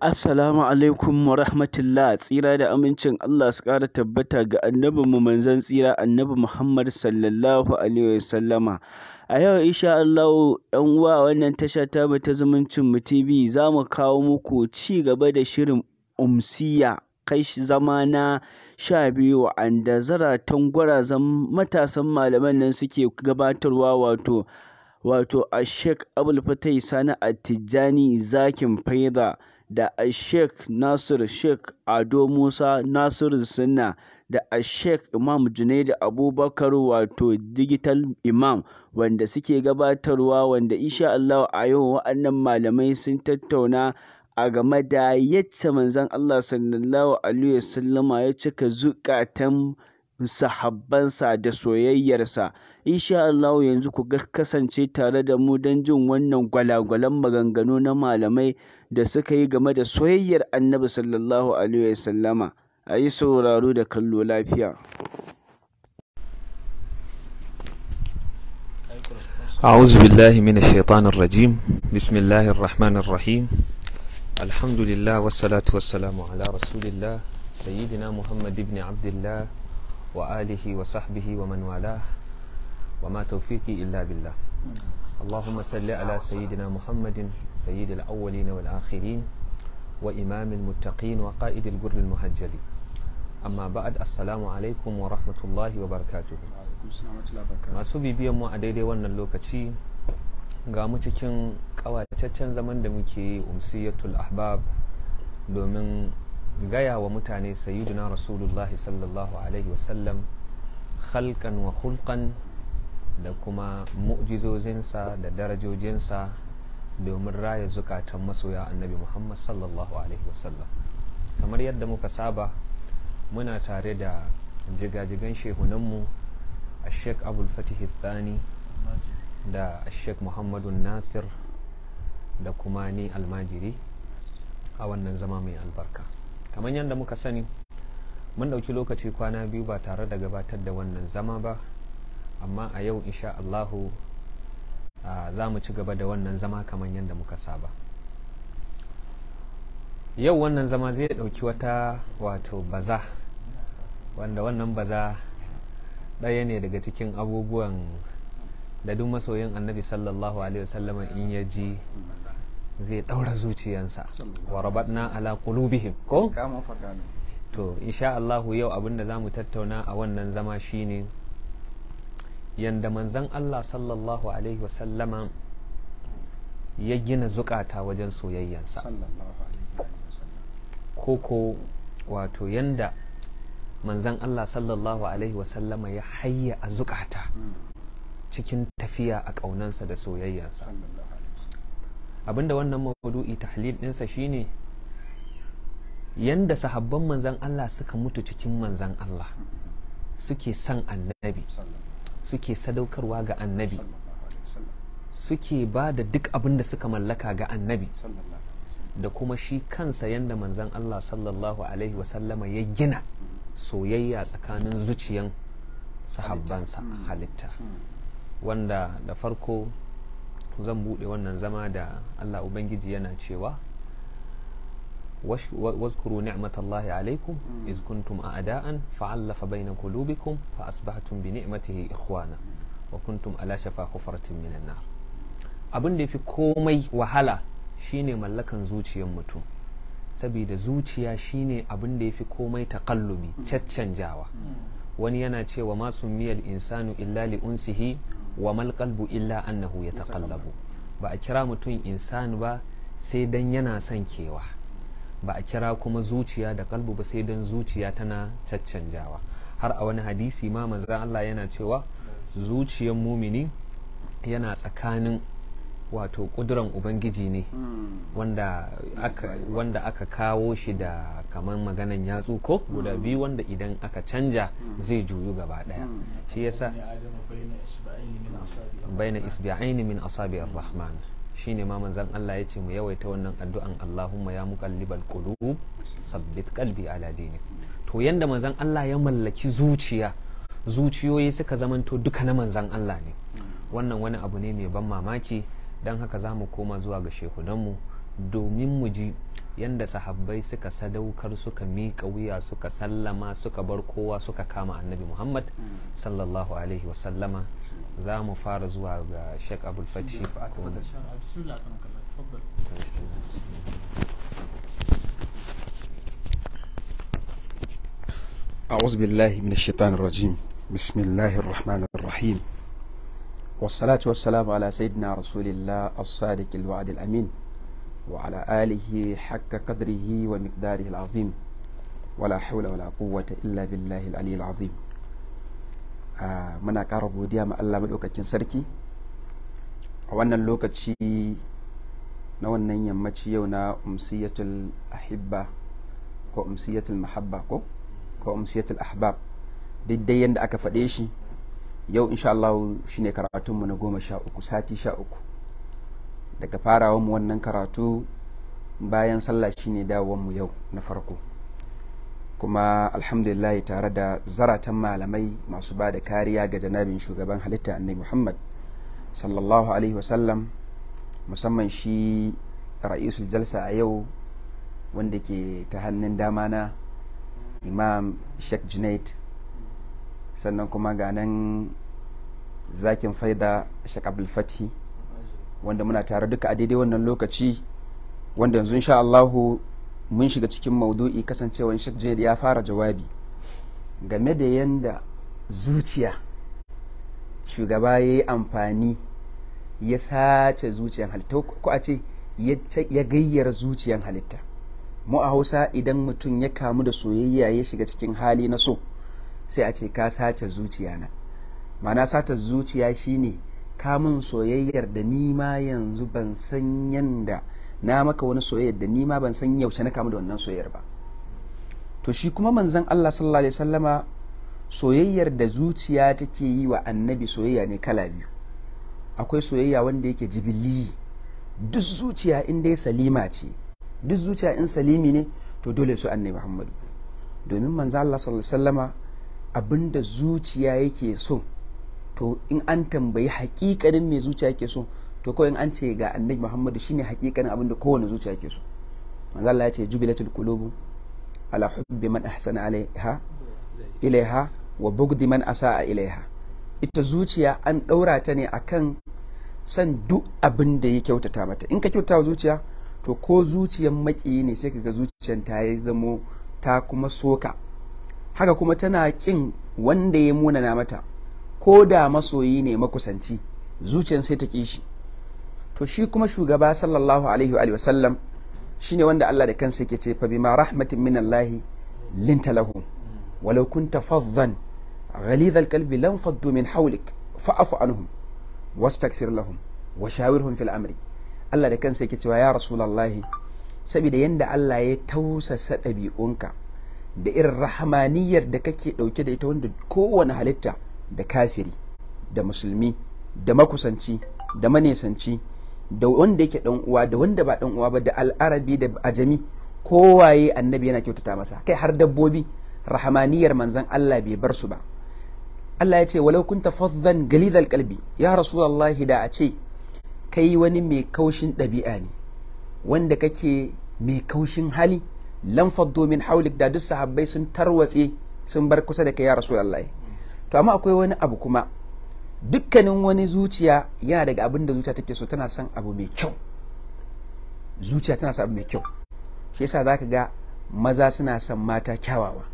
Assalamu alaikum wa rahmatullah tsira da amincin Allah su ƙara tabbata ga mu manzon tsira annabi Muhammad sallallahu alaihi wasallama a yau insha Allah yan uwa wannan tasha ta ta zumuncin mu TV za mu kawo muku ci gaba da shirin umsiya kai zama na sha biyu zara zaratan zan matasan malaman nan suke gabatarwa wato wato a Sheikh Abdul Fatai Sani Attijani Zakin Faida da Sheikh Nasir Sheikh Ado Musa Nasir Sunna da Sheikh Imam Junaid Abubakar wato Digital Imam wanda suke gabatarwa wanda insha Allah a yau wa'annan malamai sun tattauna a game da yadda manzon Allah sallallahu alaihi wasallama ya cika zukatan sahabbansa da soyayyarsa insha Allah yanzu ku kasance tare da mu don jin wannan gwalagwalan maganganu na malamai da suka yi game da soyayyar Annabi sallallahu alaihi wasallama a yi sauraro da kallo lafiya أعوذ بالله من الشيطان الرجيم بسم الله الرحمن الرحيم الحمد لله والصلاة والسلام على رسول الله سيدنا محمد بن عبد الله وآله وصحبه ومن والاه وما توفيقي إلا بالله Allahumma Salli ala صل على سيدنا محمد سيد الأولين والآخرين وإمام المتقين وقائد الجر Muhajjari amma ba'ad assalamu alaikum wa rahmatullahi wa barakatuhu masu bibiyan mu a daidai wannan lokaci ga mu cikin kawataccen zaman da muke umsiyatul ahbab domin gaya wa mutane sayyiduna rasulullahi sallallahu alaihi wasallam khalqan wa hulqan da kuma mu'jizozinsa da darajojinsa domin raya zukatan masoya annabi muhammad sallallahu alaihi wasallam kamar yadda muka saba muna tare da jigajigan shehunanmu a sheik abulfatih thani da sheik muhammadu nafir da kuma ni almajiri a wannan zama mai albarka kamar yadda muka sani mun ɗauki lokaci kwana biyu ba tare da gabatar da wannan zama ba amma a yau insha Allahu za mu ci gaba da wannan zama kamar yadda muka saba yau wannan zama zai ɗauki wata wato baza wanda wannan baza ɗaya ne daga cikin abubuwan da duk masoyin annabi sallallahu alaihi wasallama in ya ji zai ɗaura zuciyansa wa rabatna ala qulubihim ko to insha Allahu yau abinda za mu tattauna a wannan zama shine yanda manzan Allah sallallahu alaihi wasallama ya gina zukata wajen soyayyansa koko wato yanda manzan Allah sallallahu alaihi wasallama ya hayya a zukata hmm. cikin tafiya a ƙaunansa da soyayyansa abinda wannan maudu'i tahlil ɗinsa shine yanda sahabban manzan Allah suka mutu cikin manzan Allah hmm. suke son annabi suke sadaukarwa ga annabi suke ba da duk abin da suka mallaka ga annabi da kuma shi kansa yadda manzan Allah sallallahu alaihi wasallama ya gina soyayya tsakanin zuciyan sahabbansa halitta hmm. Hmm. wanda da farko zan buɗe wannan zama da Allah Ubangiji yana cewa واذكروا نعمة الله عليكم إذ كنتم أعداء فعلف بين قلوبكم فأصبحتم بنعمته إخوانا وكنتم على شفا حفرة من النار abin da ya fi komai wahala shine mallakan zuciyar mutum saboda zuciya shine abin da ya fi komai takallubi caccanjawa wani yana cewa masu miyar insanu illa li unsihi wa mal qalbu illa annahu ya takallabu ba a kira mutum insanu ba sai dan yana son kewa ba a kira kuma zuciya da kalbu ba sai don zuciya tana caccanjawa har a wani hadisi ma manzan Allah yana cewa zuciyar mumini yana tsakanin wato kuduran ubangiji ne wanda aka, kawo shi da kamar maganan yatsu ko guda mm. biyu wanda idan aka canja mm. zai juyu gaba daya mm. shi yasa baina isbi'aini min asabi rahman shine ma manzan Allah ya ce mu yawaita wannan addu'an Allahumma ya muqallibal qulub sabbit qalbi ala dinik to yanda manzan Allah ya mallaki zuciya zuciyoyi suka zamanto duka na manzan Allah ne wannan wani abu ne mai ban mamaki don haka za mu koma zuwa ga shehudanmu domin mu ji yanda sahabbai suka sadaukar suka miƙa wuya suka sallama suka bar kowa suka kama annabi muhammad sallallahu alaihi wasallama za mu fara zuwa ga Sheikh Abdul تفضل أعوذ بالله من الشيطان الرجيم بسم الله الرحمن الرحيم والصلاة والسلام على سيدنا رسول الله الصادق الوعد الأمين وعلى آله حق قدره ومقداره العظيم ولا حول ولا قوة إلا بالله العلي العظيم Ah, muna ƙara godiya ma Allah maɗaukakin sarki a wannan lokaci na wannan yammaci yau na umsiyatul ahibba ko umsiyatul mahabba ko ko umsiyatul ahbab duk dai yadda aka faɗe shi yau insha Allah shine karatunmu na goma sha uku sati sha uku daga farawanmu mu wannan karatu bayan sallah shine dawowar mu yau na farko kuma alhamdulillah tare da zaratan malamai masu ba da kariya ga janabin shugaban halitta annabi muhammad sallallahu alaihi wasallam musamman shi ra'isul jalsa a yau wanda ke ta hannun dama na imam sheikh junaid sannan kuma ga nan zakin faida sheikh fati wanda muna tare duka a daidai wannan lokaci wanda yanzu insha mun shiga cikin maudu'i kasancewar Sheikh Junaid ya fara jawabi game da yanda zuciya shugaba ya yi amfani ya sace zuciyan halitta ko a ce ya gayyar zuciyan halitta mu a hausa idan mutum ya kamu da soyayya ya shiga cikin hali na so sai a ce ka sace zuciya na mana sata zuciya shine kamun soyayyar da ni ma yanzu ban san yanda na maka wani soyayyar da ni ma ban san yaushe na kamu da wannan soyayyar ba to shi kuma manzon Allah sallallahu alaihi wasallama soyayyar da zuciya take yi wa annabi soyayya ne kala biyu akwai soyayya wanda yake jibili duk zuciya in dai salima ce duk zuciya in salimi ne to dole su annabi Muhammadu domin manzon Allah sallallahu alaihi wasallama abinda zuciya yake so to in an tambayi hakikarin me zuciya yake so to ko in an ce ga annabi muhammadu shine hakikanin abin da kowane zuciya ke so manzo Allah ya ce jubilatul qulubu ala hubbi man ahsana alaiha ilaiha wa bugdi man asaa ilaiha ita zuciya an daura ta ne akan san duk abin da ya kyautata mata in ka kyautata zuciya to ko zuciyar maki ne sai ka ga zuciyar ta yi zamo ta kuma soka haka kuma tana kin wanda ya munana mata ko da masoyi ne makusanci zuciyar sai ta ƙi shi to shi kuma shugaba sallallahu alaihi wa sallam shi ne wanda Allah da kansa ke ce fabi ma rahmatin min Allah linta lahum walau kunta faddan غليظ faddu min hawlik حولك anhum wastaghfir lahum wa shawirhum fil amri Allah da kansa ke cewa ya rasulullah saboda yanda Allah ya tausasa ɗabi'unka da irin rahmaniyar da kake dauke da ita wanda kowane halitta da kafiri da musulmi da makusanci da manesanci da wanda yake dan uwa da wanda ba dan uwa ba da al'arabi da ajami kowaye annabi yana kyautata masa kai har dabbobi rahamaniyar manzon Allah bai bar su ba Allah ya ce walau kunta faddan galidal qalbi ya rasulullahi da a ce kai wani mai kaushin ɗabi'a ne wanda kake mai kaushin hali lan faddo min haulik da duk sahabbai sun tarwatse sun bar kusa da kai ya rasulullahi to amma akwai wani abu kuma dukkanin wani zuciya yana daga abin da zuciya take so tana son abu mai kyau zuciya tana son abu mai kyau shi yasa zaka ga maza suna son mata kyawawa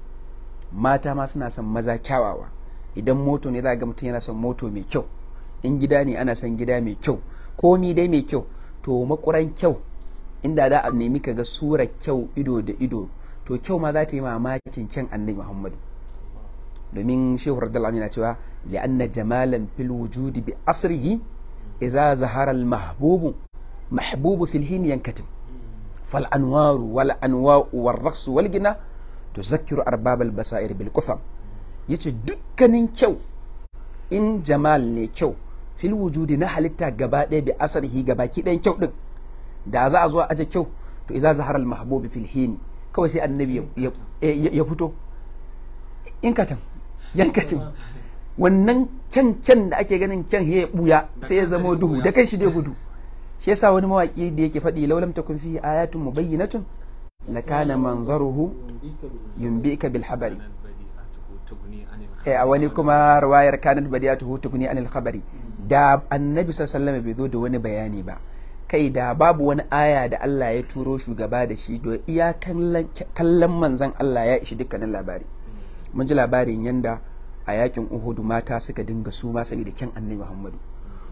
mata ma suna son maza kyawawa idan moto ne za ga mutum yana son moto mai kyau in gida ne ana son gida mai kyau komi dai mai kyau to makuran kyau inda za a nemi ka ga surar kyau ido da ido to kyau ma za ta yi mamakin kyan annabi muhammadu domin shehu radal amina cewa لأن جمالا في الوجود بأصره إذا ظهر المحبوب محبوب في الحين ينكتم فالأنوار والأنواء والرقص والجنة تذكر أرباب البصائر بالقثم yace dukkanin kyau in jamal ne kyau fil wujudi na halitta gaba ɗaya bi asarhi gaba ki ɗayan kyau ɗin da za a zo a aje kyau to iza zahara al mahbubi fil kawai sai annabi ya fito yankatin wannan can can da ake ganin can ya buya sai ya zama duhu da kai shi dai gudu shi yasa wani mawaki da yake faɗi laulam takun fi ayatun mubayyinatun kana manzaruhu yumbika bil habari eh, a wani kuma ruwayar kanat badiyatuhu tukuni anil khabari da annabi sallallahu bai zo da wani bayani ba kai da babu wani aya da Allah ya turo shugaba da shi do iya kallon manzon Allah ya ishi dukkanin labari mun ji labarin yanda a yakin uhudu mata suka dinga suma sani da kyan annabi muhammadu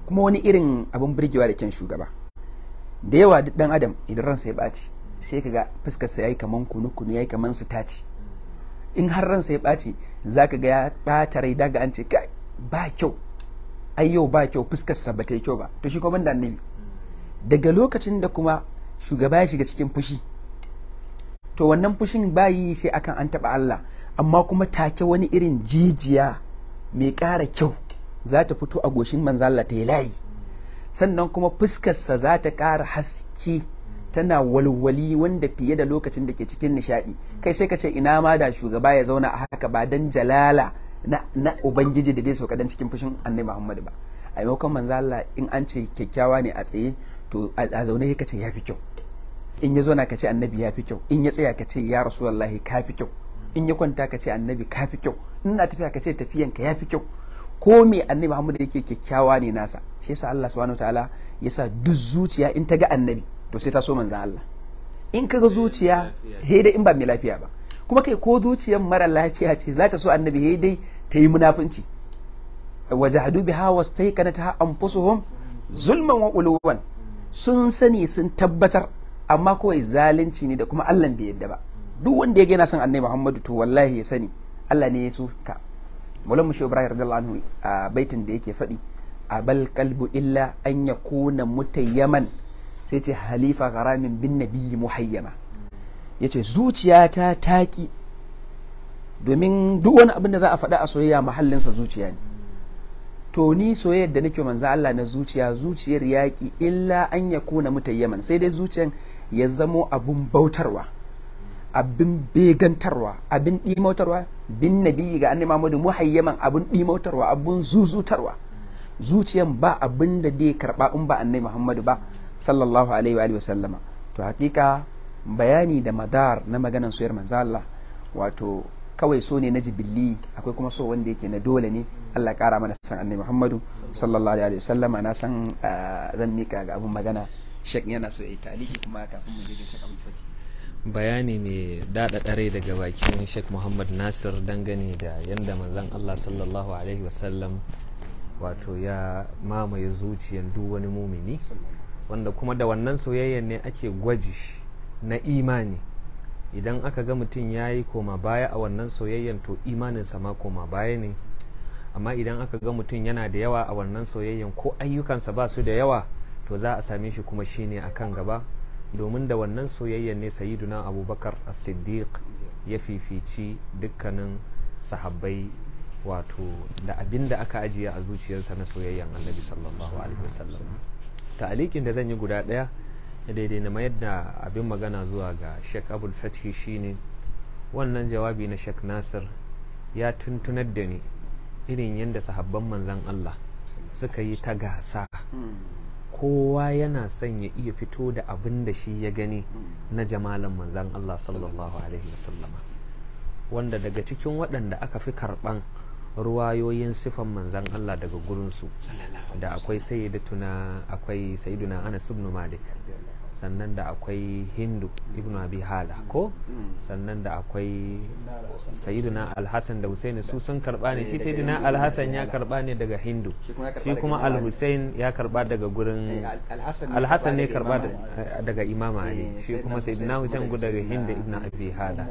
kuma wani irin abin birgewa da kyan shugaba da yawa duk dan adam idan ransa ya ɓaci sai kaga fuskarsa yayi kaman kunu kunu yayi kaman su taci in har ransa ya ɓaci zaka ga ya ɓata rai daga an ce kai ba kyau ai yau ba kyau fuskarsa ba ta yi kyau ba to shi kuma da annabi daga lokacin da kuma shugaba ya shiga cikin fushi to wannan fushin bayi sai akan an taɓa Allah amma kuma take wani irin jijiya mai kara kyau za ta fito a goshin manzala ta yi layi sannan kuma fuskarsa za ta ƙara haske tana walwali wanda fiye da lokacin da ke cikin nishaɗi kai sai ka ce ina ma da shugaba ya zauna a haka ba dan jalala na, ubangiji da dai sauka dan cikin fushin annabi muhammadu ba a maimakon manzala in an ce kyakkyawa ne a tsaye to a zaune ka ce ya fi kyau in ya zo na ka ce annabi ya fi kyau in ya tsaya ka ce ya rasulullahi ka fi kyau in ya kwanta ka ce annabi ka fi kyau in tafiya ka ce tafiyanka ya fi kyau ko me annabi Muhammad yake kyakkyawa ne nasa shi yasa Allah subhanahu wataala ya sa duk zuciya in ta ga annabi to sai ta so manzan Allah in ka ga zuciya he in ba mai lafiya ba kuma kai ko zuciyar mara lafiya ce za ta so annabi he ta yi munafunci wajahadu ta wastaykanatha anfusuhum zulman wa uluwan sun sani sun tabbatar amma kawai zalunci ne da kuma Allah bai yadda ba duk wanda ya gina son annabi muhammadu to wallahi ya sani allah ne ya so ka mushi ibrahim radiyallahu anhu a baitin da yake faɗi a bal kalbu illa an ya kuna mutayyaman sai ce halifa garamin bin nabiyyi muhayyama ya ce zuciya ta taƙi domin duk wani abin da za a faɗa a soyayya mahallinsa zuciya ne to ni soyayyar da nake manzo Allah na zuciya zuciyar yaƙi illa an ya kuna mutayyaman sai dai zuciyan ya zamo abun bautarwa abin begantarwa abin dimautarwa bin nabi ga annabi Muhammadu muhayyaman abin dimautarwa abin zuzutarwa zuciyan ba abin da dai karɓa in ba annabi Muhammadu ba sallallahu alaihi wa sallama to hakika bayani da madar na maganan soyar manzo Allah wato kawai so ne na jibilli akwai kuma so wanda yake na dole ne Allah kara mana san annabi Muhammadu sallallahu alaihi wa sallama na san ah, zan mika ga abin magana shek yana so ya taliki kuma kafin mu je ga shek Abdul Fatih bayani mai daɗaɗa rai daga bakin sheikh muhammad nasir dangane da yadda manzan allah sallallahu alaihi wasallam wato ya mamaye zuciyar duk wani mumini wanda kuma da wannan soyayyen ne ake gwaji na imani idan aka ga mutum ya yi koma baya a wannan soyayyen to imaninsa ma koma baya ne amma idan aka ga mutum yana da yawa a wannan soyayyen ko ayyukansa ba su da yawa to za a same shi kuma shine akan gaba domin da wannan soyayya ne sayiduna abubakar as-siddiq ya fifici dukkanin sahabbai wato da abin da aka ajiye a zuciyarsa na soyayyan annabi sallallahu alaihi wasallam ta'alikin da zan yi guda daya daidai na mayar da abin magana zuwa ga shek abul fathi shine wannan jawabi na shek nasir ya tuntunar da ni irin yadda sahabban manzan allah suka yi ta gasa hmm. kowa yana son ya iya fito da abin da shi ya gani na jamalan manzan Allah sallallahu alaihi wasallama wanda daga cikin waɗanda aka fi karɓan ruwayoyin sifan manzan Allah daga gurinsu da akwai sayyiduna akwai sayyiduna Anas ibn Malik sannan da akwai hindu ibn abi hala ko sannan da akwai sayyidina alhassan da husaini su sun karba ne shi sayyidina alhassan ya karba ne daga hindu shi kuma alhussein ya karba daga gurin eh, alhassan ne karba daga imam ali eh, shi kuma sayyidina hussein gu daga hindu ibn abi hala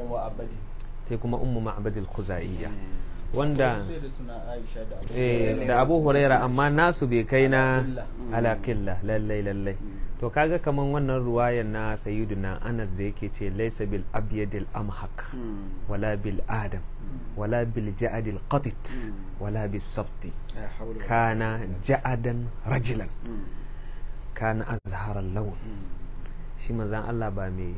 sai kuma ummu ma'badil khuzaiya eh. wanda da abu huraira amma nasu bai kai na alaƙilla lallai lallai mm. to kaga kamar wannan ruwayan na sayyiduna anas da yake ce laisa bil abyadil amhak hmm. wala bil adam hmm. wala bil ja'adil qatit hmm. wala bil sabti kana ja'adan rajilan kana azharal lawn shi mazan Allah ba mai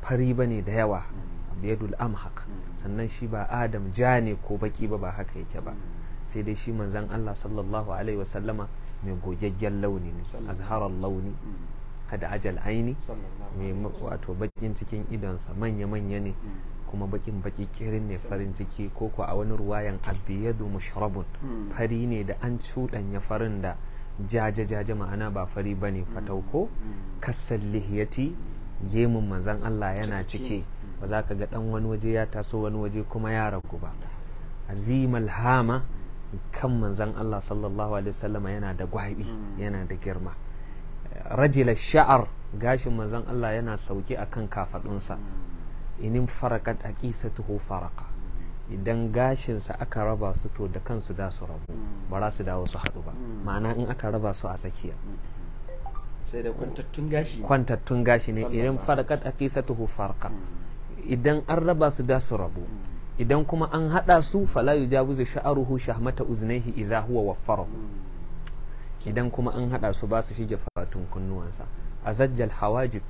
fari bane da yawa abyadul amhak sannan shi ba adam ja ne ko baki ba ba haka yake ba sai dai shi manzan Allah sallallahu alaihi wasallama mai gogaggen launi ne azharar launi kada ajal aini wato bakin cikin idonsa manya-manya ne hmm. kuma bakin baki kirin ne farin ciki ko ko a wani ruwayan abiyadu mushrabun hmm. fari ne da an ya farin da jaje-jaje ma'ana ba fari ba ne hmm. fatauko kassan lihiyati gemun manzan Allah yana ciki ba za ka ga ɗan wani waje ya taso wani waje kuma ya ragu ba azimal hama kan manzan Allah sallallahu alaihi wasallama yana da gwaɓi yana da girma rajila sha'ar gashin manzon Allah yana sauke akan kafadunsa inin farakat aqisatuhu faraka idan gashinsa aka raba su to da kansu da su rabu ba za su dawo su haɗu ba ma'ana in aka raba su a tsakiya sai da kwantattun gashi kwantattun gashi ne irin farakat aqisatuhu faraka mm. idan an raba su da su rabu mm. idan kuma an hada su fala yujabu sha'aruhu shahmata uznaihi idza huwa waffarahu mm. idan kuma an hada su ba su shige fatun kunnuwansa zajjal hawajib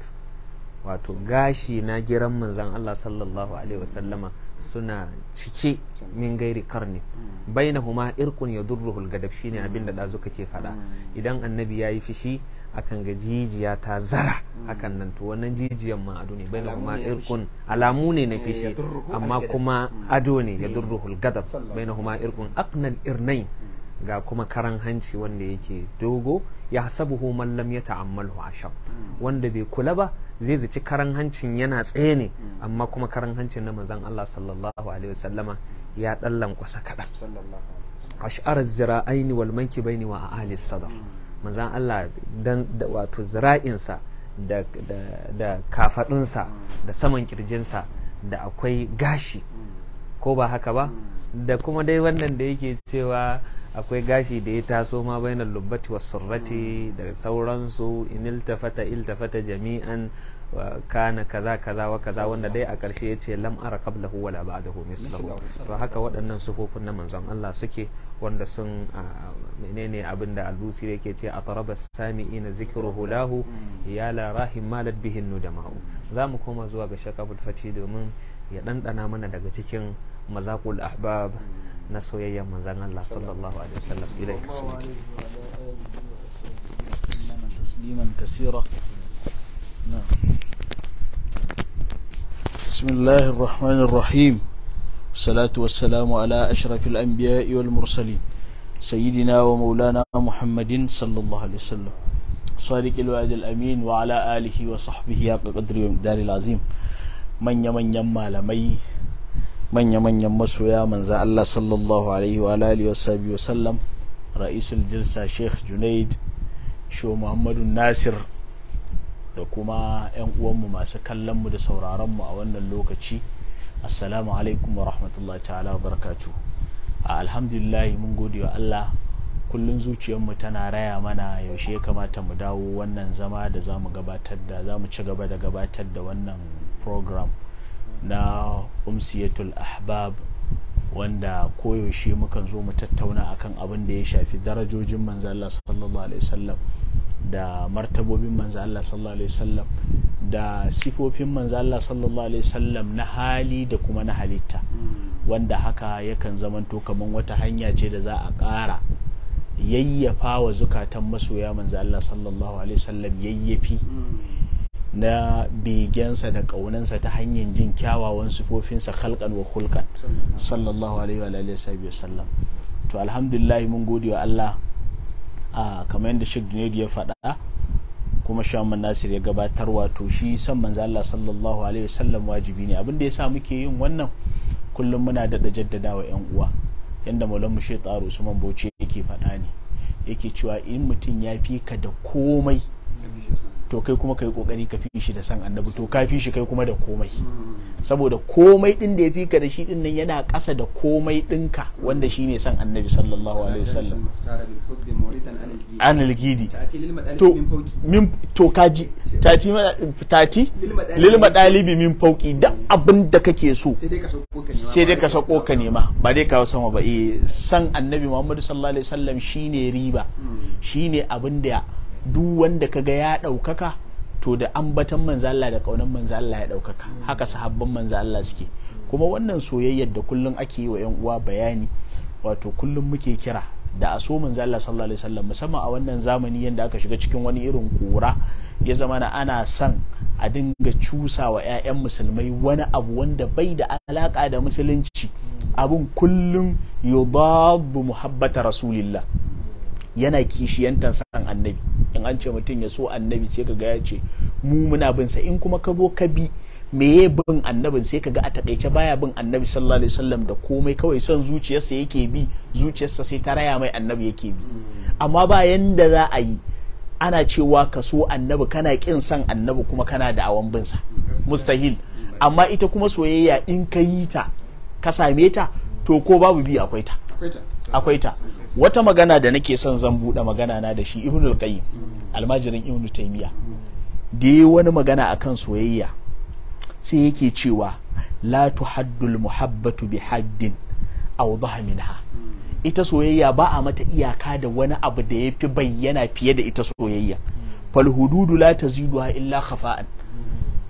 wato gashi na giran manzan Allah sallallahu alaihi wasallama suna cike min gairi karni huma irkun ya yadurruhul gadab shine abinda da zuka ke fada idan annabi ya yi fishi akan ga jijiya ta zara hakan nan to wannan jijiyan ma ado ne huma irkun alamu ne na fishi eh, amma kuma ado ne ya eh, yadurruhul gadab huma irkun aqnal irnain ga kuma karan hanci wanda yake dogo ya hasabuhu ya lam a shan. wanda bai kula ba zai zaci karan hancin yana tsaye ne amma kuma karan hancin na mazan Allah sallallahu alaihi wasallama ya dallan kwasa kadan ash'ar zira'aini wal ne wa a sadar hmm. Mazan Allah dan wato zira'insa da da da hmm. saman kirjinsa da akwai gashi hmm. ko ba haka ba da kuma dai wannan da yake cewa akwai gashi da ya taso ma bayanan lubbati wa surrati hmm. da sauransu iniltafata iltafata jami'an kana kaza kaza wa kaza wanda dai a karshe ya ce lam ara qablahu wala ba'dahu mislahu to haka waɗannan sufofin na manzon Allah suke wanda sun menene abinda albusi yake ce a taraba sami'ina zikruhu hmm. lahu ya la rahim malat bihin nudama'u zamu koma zuwa ga shakabul fati domin ya ɗanɗana mana daga cikin mazakul ahbab hmm. na soyayyar صلى الله عليه alaihi wasallam ilaika sallallahu تسليما كثيرا نعم بسم الله الرحمن الرحيم الصلاة والسلام على أشرف الأنبياء والمرسلين سيدنا ومولانا محمد صلى الله عليه وسلم صادق الوعد الأمين وعلى آله وصحبه يا قدر ومقدار العظيم من يمن يمال مي manya-manyan masoya manza Allah sallallahu alaihi wa alihi wa ra'isul jilsa Sheikh Junaid Sho Muhammadu Nasir da kuma 'yan uwanmu masu kallon mu da sauraron mu a wannan lokaci assalamu alaikum wa rahmatullahi ta'ala wa barakatu alhamdulillah mun gode wa Allah kullun zuciyarmu tana raya mana yaushe ya kamata mu dawo wannan zama da za mu gabatar da za mu ci gaba da gabatar da wannan program na umsiyatul ahbab wanda koyaushe mukan zo mu tattauna akan abin da ya shafi darajojin manzo Allah sallallahu alaihi wasallam da martabobin manzo Allah sallallahu alaihi wasallam da sifofin manzo Allah sallallahu alaihi wasallam na hali da kuma na halitta mm. wanda haka yakan zamanto kaman wata hanya ce da za a ƙara yayyafa wa zukatan masoya manzo Allah sallallahu alaihi wasallam yayyafi mm. na begensa da ƙaunansa ta hanyar jin kyawawan sufofinsa halkan wa hulkan sallallahu alaihi wa alihi sallam to alhamdulillah mun gode wa Allah a kamar yadda Sheikh Junaidu ya faɗa kuma Shaman Nasir ya gabatar wato shi san manzo Allah sallallahu alaihi sallam wajibi ne abinda ya sa muke yin wannan kullum muna daɗa jaddada wa 'yan uwa yadda mu Sheikh Usman Bauchi yake faɗa ne yake cewa in mutum ya fi ka da komai to kai kuma kai kokari ka fi shi da san annabi to ka fi shi kai kuma da komai mm. saboda komai din da ya fi ka da shi din nan yana ƙasa da komai dinka wanda shi ne san annabi sallallahu alaihi wasallam anil gidi to min to kaji tati tati lil madalibi min fauki da abin da kake so sai dai ka sako ka nema ba dai ka sama ba eh san annabi muhammad sallallahu alaihi wasallam shine riba mm. shine abin da duk wanda kaga ya ɗaukaka to da ambatan manzo Allah da kaunan manzo Allah ya ɗaukaka haka sahabban manzo Allah suke kuma wannan soyayyar da kullum ake yi wa yan uwa bayani wato kullum muke kira da a so manzo Allah sallallahu alaihi wasallam musamman a wannan zamani yanda aka shiga cikin wani irin kura ya zama na ana son a dinga cusa wa 'ya'yan musulmai wani abu wanda bai da alaka da musulunci abun kullum yudaddu muhabbata rasulillah yana kishiyantar san annabi in an ce mutum ya so annabi sai kaga ya ce mu muna bin sa in kuma ka zo ka bi meye bin annabin sai kaga a takaice baya bin annabi sallallahu alaihi wasallam da komai kawai son zuciyarsa yake bi zuciyarsa sai ta raya mai annabi yake bi amma ba yanda za a yi ana cewa ka so annabi kana kin san annabi kuma kana da awan bin sa mustahil amma ita kuma soyayya in ka yi ta ka same ta to ko babu bi akwai ta akwai ta wata magana da nake son zan buɗe magana na da shi ibnu almajirin ibnu taymiya da yi wani magana akan soyayya sai yake cewa la tuhaddul muhabbatu bi haddin awdaha minha ita soyayya ba a mata iyaka da wani abu da yafi bayyana fiye da ita soyayya fal hududu la taziduha illa khafa'an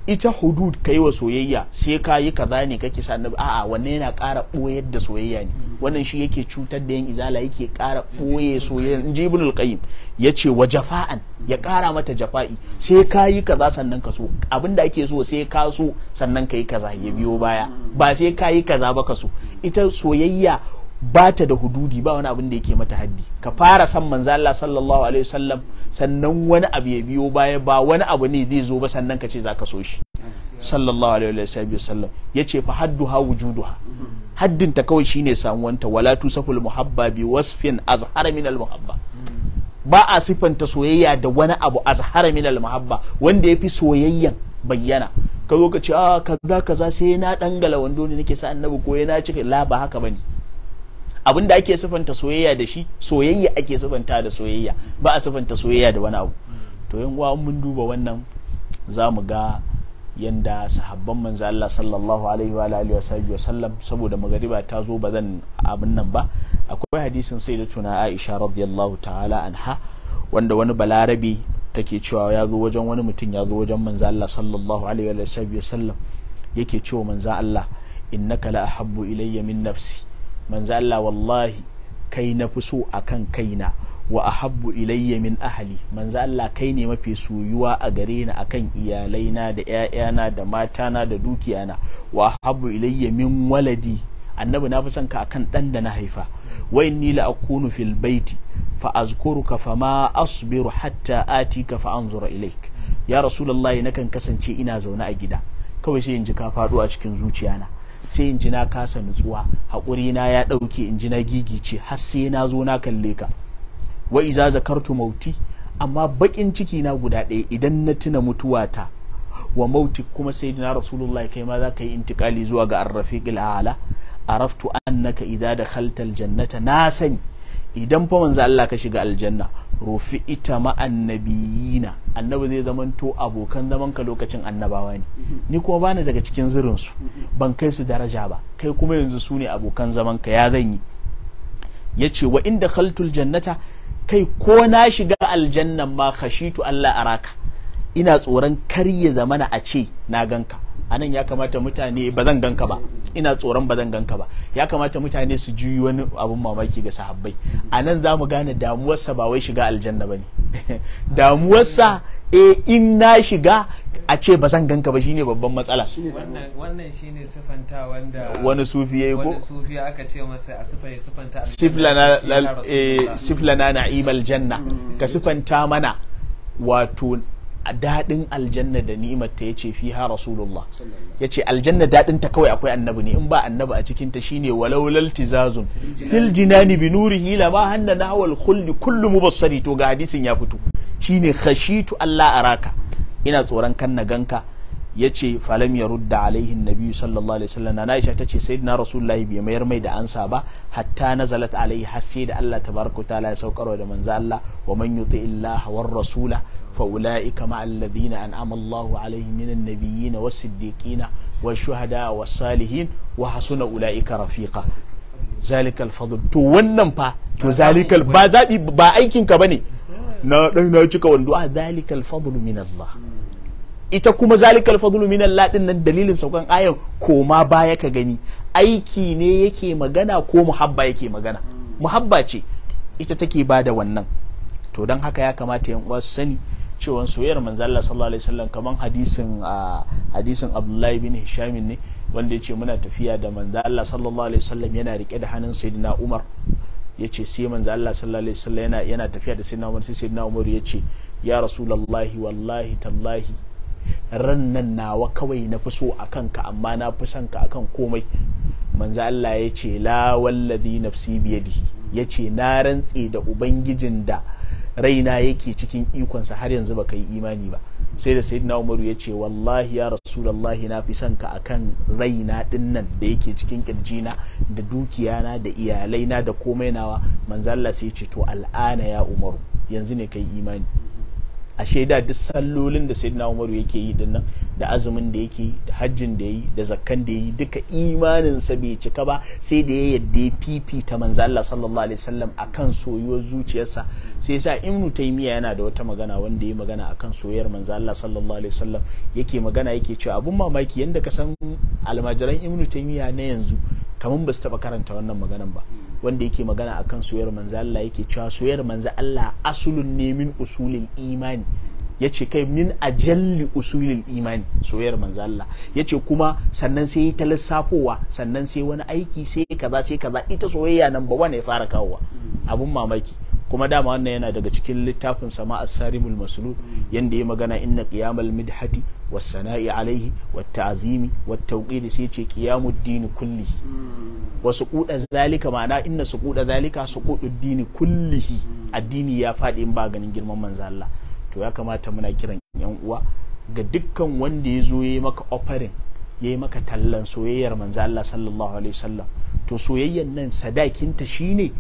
ita hudud kai wa soyayya sai ka yi kaza ne kake sa a'a wanne yana ƙara ɓoyar da soyayya ne wannan shi yake cutar da yan izala yake kara ɓoye soyayya in ji ibnul qayyim yace wa jafa'an ya ƙara mata jafa'i sai ka yi kaza sannan ka so abinda ake so sai ka so sannan ka kaza ya biyo baya ba sai ka kaza ba ka so ita soyayya bata da hududi ba wani abin da yake mata haddi ka fara san manzo Allah sallallahu alaihi wasallam sannan wani abu ya biyo baya ba wani abu ne zai zo ba sannan ka ce zaka so shi sallallahu alaihi wasallam yace fa hadduha wujuduha haddinta kawai shine samuwanta wala saful muhabba bi wasfin azhara min al muhabba ba a sifanta soyayya da wani abu azhara min al muhabba wanda yafi soyayyan bayyana ka zo ka ce a ah, kaza kaza sai na dangala wando ne nake sa annabi ko na cika la ba haka bane abin da ake sifanta soyayya da shi soyayya ake sifanta da soyayya ba a sifanta soyayya da wani abu to yan uwa mun duba wannan za mu ga yanda sahabban manzo Allah sallallahu alaihi wa alihi wa saboda magariba ta zo ba zan abin nan ba akwai hadisin sai da tuna Aisha radiyallahu ta'ala anha wanda wani balarabi take cewa ya zo wajen wani mutum ya zo wajen manzo Allah sallallahu alaihi wa sallam yake cewa manzo Allah innaka la ahabbu ilayya min nafsi manzo Allah wallahi kai na fi so akan kaina wa ahabbu ilayya min ahli manzo Allah kai ne mafi soyuwa a gare ni akan iyalaina da ƴaƴana da matana da dukiyana wa ahabbu ilayya min waladi annabi na fi son ka akan dan da na haifa wa inni la akunu fil baiti fa azkuruka fa ma asbiru hatta atika fa anzura ilayk ya rasulullahi nakan kasance ina zaune a gida kawai sai in ji ka faɗo a cikin zuciyana sai in ji na kasa nutsuwa haƙuri na ya ɗauke in ji na gigice har sai na zo na kalle ka wa iza zakartu mauti amma bakin ciki na guda ɗaya idan na tuna mutuwata wa mauti kuma sai na rasulullahi kai ma za ka yi intikali zuwa ga arrafiqil ala araftu annaka idza dakhalta jannata na sani idan fa manzo Allah ka shiga aljanna rufi ita ma annabiyina annabi zai to abokan zaman ka lokacin annabawa ne mhm. ni kuma bani daga cikin zirin su mhm. ban kai su daraja ba kai kuma yanzu su ne abokan zaman ka ya zan yi yace wa inda khaltul jannata kai ko na shiga aljannan ma khashitu Allah araka ina tsoron kar ya zamana a ce na ganka anan ya kamata mutane ba zan ganka ba ina tsoron ba zan ganka ba ya kamata mutane su juyi wani abun mamaki ga sahabbai anan za mu gane damuwarsa ba wai shiga aljanna ba ne damuwarsa e in na shiga a ce ba zan ganka ba shine babban matsala wannan shine sufanta wanda wani sufi yayi ko wani sufi aka ce masa a sufa ya sufanta siflana siflana eh, na'imal janna mm. ka sufanta mana wato daɗin aljanna da ni'imar ta yace fiha rasulullah yace aljanna daɗin ta kawai akwai annabi ne in ba annabi a cikin ta shine walau laltizazun fil jinani bi nurihi la ma hanna wal khuldi kullu mubassari to ga hadisin ya fito shine khashitu Allah araka ina tsoron kan na ganka ya ce falam ya rudda alaihin nabi sallallahu alaihi wasallam na aisha ta ce na rasulullahi bai mayar mai da ansa ba hatta nazalat alaihi har sai da Allah tabaraka taala ya saukar da manzo Allah wa man yuti illaha war rasula fa ulaika ma alladhina an'ama Allahu alaihim minan nabiyyin was siddiqina was shuhada was salihin wa hasuna ulaika rafiqa zalikal fadl to wannan fa to zalikal ba zabi ba aikin ka bane na dan na cika wando a ah, zalikal fadl min Allah ita kuma zalikal fadlu min Allah din nan dalilin saukan ayar koma baya ka gani aiki ne yake magana ko muhabba yake magana muhabba ce ita take ba da wannan to don haka ya kamata yan uwa su sani cewa soyayyar manzo Allah sallallahu alaihi wasallam kaman hadisin hadisin Abdullahi bin Hisham ne wanda yace muna tafiya da manzo Allah sallallahu alaihi wasallam yana rike da hannun sayyidina Umar yace sai manzo Allah sallallahu alaihi wasallam yana yana tafiya da sayyidina Umar sai sayyidina Umar yace ya rasulullahi wallahi tallahi rannan nawa kawai na fi so a kanka amma na fi son ka akan komai manzo Allah ya ce la wallazi nafsi biyadihi ya ce na rantse da ubangijin da raina yake cikin ikonsa har yanzu baka yi imani ba sai da sayyidina umaru ya ce wallahi ya rasulallahi na fi son ka akan raina dinnan da yake cikin kirjina da dukiyana da iyalai na da komai nawa manzo Allah sai ya ce to al'ana ya umaru yanzu ne kai imani a shaida duk sallolin da sayyidina umaru yake yi dinnan da azumin da yake yi da hajjin da yi da zakkan da yi duka imanin sa bai cika ba sai da ya yadda ya fifita manzo Allah sallallahu alaihi wasallam akan soyuwar zuciyarsa sai sa imnu taymiya yana da wata magana wanda ya magana akan soyayyar manzo Allah sallallahu alaihi wasallam yake magana yake cewa abun mamaki yanda ka san almajiran imnu taymiya na yanzu kamar ba su taba karanta wannan maganan ba wanda yake magana akan soyar manzo Allah yake cewa soyar manzo Allah asulun ne min usulil imani yace kai min ajalli usulin imani soyar manzo Allah yace kuma sannan sai ta lissafowa sannan sai wani aiki sai kaza sai kaza ita soyayya nan ba wani ya fara kawowa abin mamaki kuma dama wannan yana daga cikin littafin sama as-sarimul maslul yanda ya magana inna qiyamal midhati was sana'i alaihi wat ta'zimi wat tawqidi sai ce qiyamud dini kullihi wa suquda zalika ma'ana inna suquda zalika suqudud dini kullihi addini ya fadi in ba ganin girman manzo Allah to ya kamata muna kiran yan uwa ga dukkan wanda ya zo yayi maka offering yayi maka tallan soyayyar manzo Allah sallallahu alaihi wasallam to soyayyan nan sadakinta shine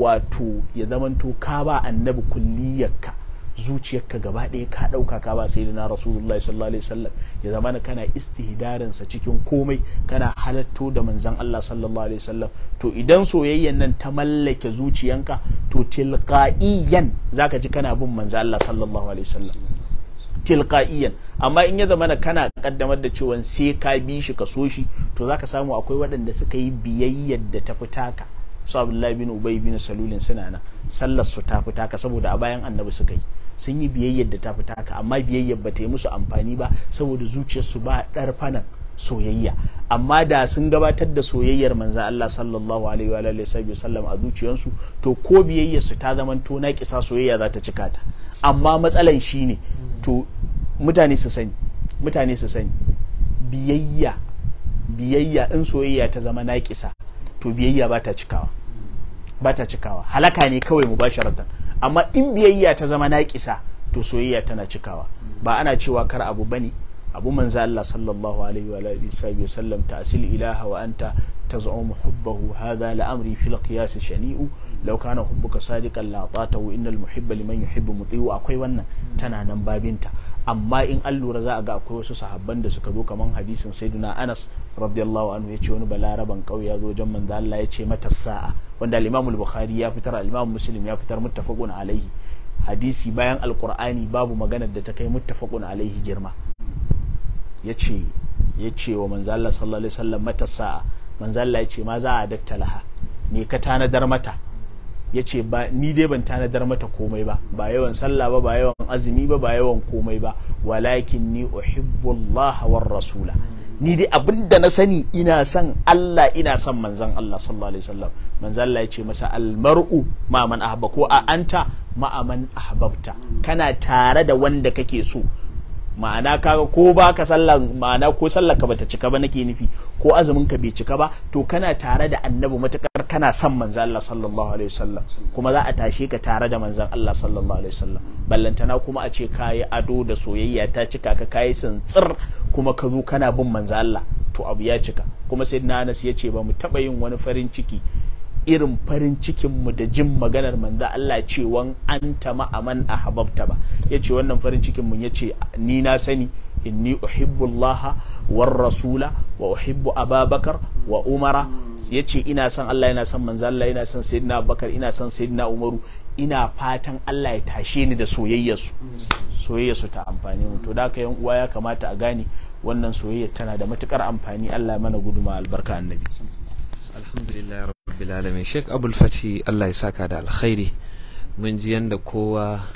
wato ya zamanto ka ba annabi kulliyarka zuciyarka gaba ɗaya ka ɗauka ka ba sai na rasulullahi sallallahu alaihi wasallam ya zama na kana istihdarinsa cikin komai kana halatto da manzon Allah sallallahu alaihi wasallam to idan soyayyan nan ta mallake zuciyanka to tilqa'iyan zaka ji kana bin manzon Allah sallallahu alaihi wasallam tilqa'iyan amma in ya zama kana kaddamar da cewa sai ka bi shi ka so shi to zaka samu akwai waɗanda suka yi biyayyar da ta fitaka taka su abdullahi bin ubay bin salulin suna nan sallar su ta fita ka saboda a bayan annabi suka yi sun yi biyayyar da ta fita ka amma biyayyar ba ta yi musu amfani ba saboda zuciyar su ba ɗarfanan soyayya amma da sun gabatar da soyayyar manzo Allah sallallahu alaihi wa alihi wa sallam a zuciyarsu to ko biyayyar su ta zaman to na kisa soyayya za ta cika ta amma matsalan shine to mutane su sani mutane su sani biyayya biyayya in soyayya ta zama na kisa to biyayya ba ta cikawa ba ta cikawa halaka ne kawai mubasharatan amma in biyayya ta zama naƙisa to soyayya tana cikawa ba ana cewa kar abu bane abu manzo Allah sallallahu alaihi wa alihi wa sallam ta'sil ilaha wa anta taz'um hubbahu hadha la'amri fil qiyas shani'u law kana hubbuka sadiqan la ta'tahu innal muhibba liman yuhibbu muti'u akwai wannan tana nan babinta amma in an lura za a ga akwai wasu sahabban da suka zo kaman hadisin saiduna anas radiyallahu anhu ya ce wani balaraban kauye ya zo wajen manzo Allah ya ce mata sa'a wanda al-imam al-bukhari ya fitar al-imam muslim ya fitar muttafaqun alaihi hadisi bayan al-Qur'ani babu maganar da ta kai muttafaqun alaihi girma yace yace wa manzo Allah sallallahu alaihi wasallam mata sa'a manzo Allah ya ce ma za a dattalaha me ka tanadar mata ya ce ni dai ban tanadar mata komai ba ba yawan sallah ba ba yawan azumi ba ba yawan komai ba walakin ni uhibbullah war rasula ni dai abin da na sani ina son Allah ina son manzan Allah sallallahu alaihi wasallam manzan Allah ya ce masa almar'u ma man ahabba ko a anta ma man ahbabta kana tare da wanda kake so ma'ana kaga ko ba ka sallah ma'ana ko sallah ka bata cika ba nake nufi ko azumin ka bai cika ba to kana tare da annabi matakar kana son manzon Allah sallallahu alaihi wasallam kuma za a tashe ka tare da manzan Allah sallallahu alaihi wasallam ballantana kuma a ce kayi ado da soyayya ta cika ka kayi santsir kuma ka zo kana bin manzon Allah to abu ya cika kuma sai Anas ya ce ba mu taba yin wani farin ciki irin farin cikinmu da jin maganar manzo Allah cewan an tama aman hababta ba yace wannan farin cikinmu ya yace ni na sani inni uhibbu Allah wa rasula wa uhibbu Ababakar wa Umara yace ina son Allah ina son manzo Allah ina son sayyidina Abubakar ina son sayyidina Umaru ina fatan Allah ya tashe ni da soyayyarsu soyayyarsu ta amfani mu to da haka yan uwa ya kamata a gane wannan soyayya tana da matukar amfani Allah mana guduma albarka annabi rabbil alamin sheik abul fati Allah ya saka da alkhairi mun ji yanda kowa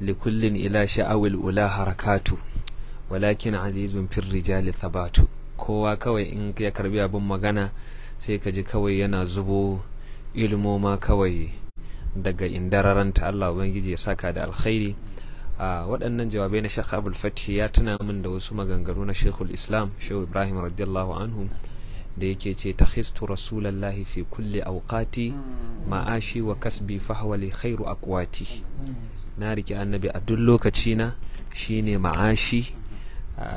likullin ila sha'awil ula harakatu walakin azizun firri rijali thabatu kowa kawai in ya karbi abin magana sai ka ji kawai yana zubo ilmoma kawai daga indararanta Allah ubangiji ya saka da alkhairi a waɗannan jawabai na Sheikh abul ya tuna min da wasu maganganu na Sheikhul Islam Shehu Ibrahim radiyallahu anhu da yake ce ta histu rasulallahi fi kulle aukati ma'ashi wa kasbi fahwali khairu akwati na rike annabi a duk lokacina na shine ma'ashi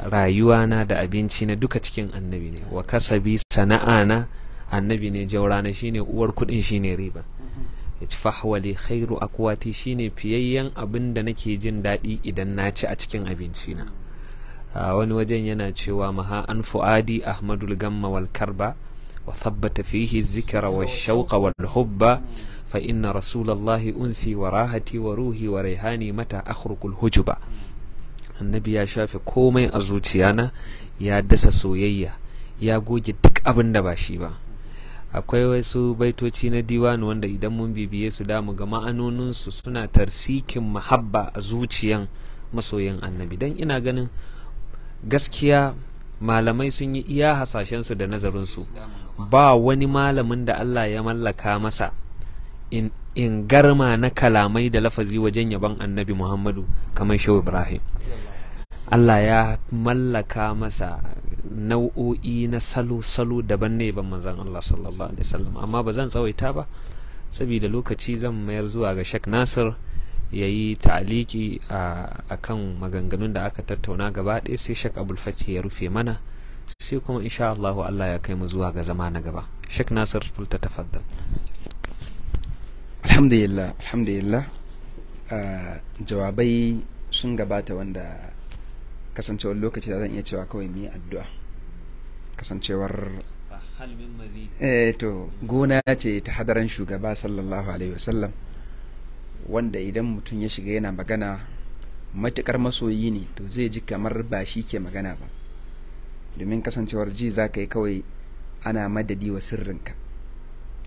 rayuwa na da abinci na duka cikin annabi ne wa kasabi sana'a na annabi ne jaura na shine uwar kudin shine riba fahwali khairu akwati shine fiyayyen abin da nake jin daɗi idan na ci a cikin abinci na a wani wajen yana cewa maha an fu'adi ahmadul gamma wal karba wa thabbata fihi zikara wa shauka wal hubba fa inna rasulallahi unsi wa rahati wa ruhi wa raihani mata akhrukul hujuba annabi ya shafe komai a zuciyana ya dasa soyayya ya goge duk abin da ba shi ba akwai wasu baitoci na diwani wanda idan mun bibiye su damu ga ma'anoninsu suna tarsikin mahabba a zuciyan masoyan annabi don ina ganin gaskiya malamai sun yi iya hasashensu da nazarinsu ba wani malamin da Allah ya mallaka masa in, garma na kalamai da lafazi wajen yaban annabi Muhammadu kamar Shehu Ibrahim Allah ya mallaka masa nau'o'i na salo-salo daban ne ban manzan Allah sallallahu alaihi wasallam amma ba zan tsawaita ba saboda lokaci zan mayar zuwa ga Sheikh Nasir ya yi ta'aliki a kan maganganun da aka tattauna gaba ɗaya sai shek abulfati ya rufe mana sai kuma insha Allah Allah ya kai mu zuwa ga zama na gaba shek nasir fulta tafaddal alhamdulillah alhamdulillah jawabai sun gabata wanda kasancewar lokaci da zan iya cewa kawai mu yi addu'a kasancewar eh to gona ce ta hadaran shugaba sallallahu alaihi wasallam wanda idan mutum ya shiga yana magana matukar masoyi ne to zai ji kamar ba shi ke magana ba domin kasancewar ji za ka yi kawai ana madadi wa sirrinka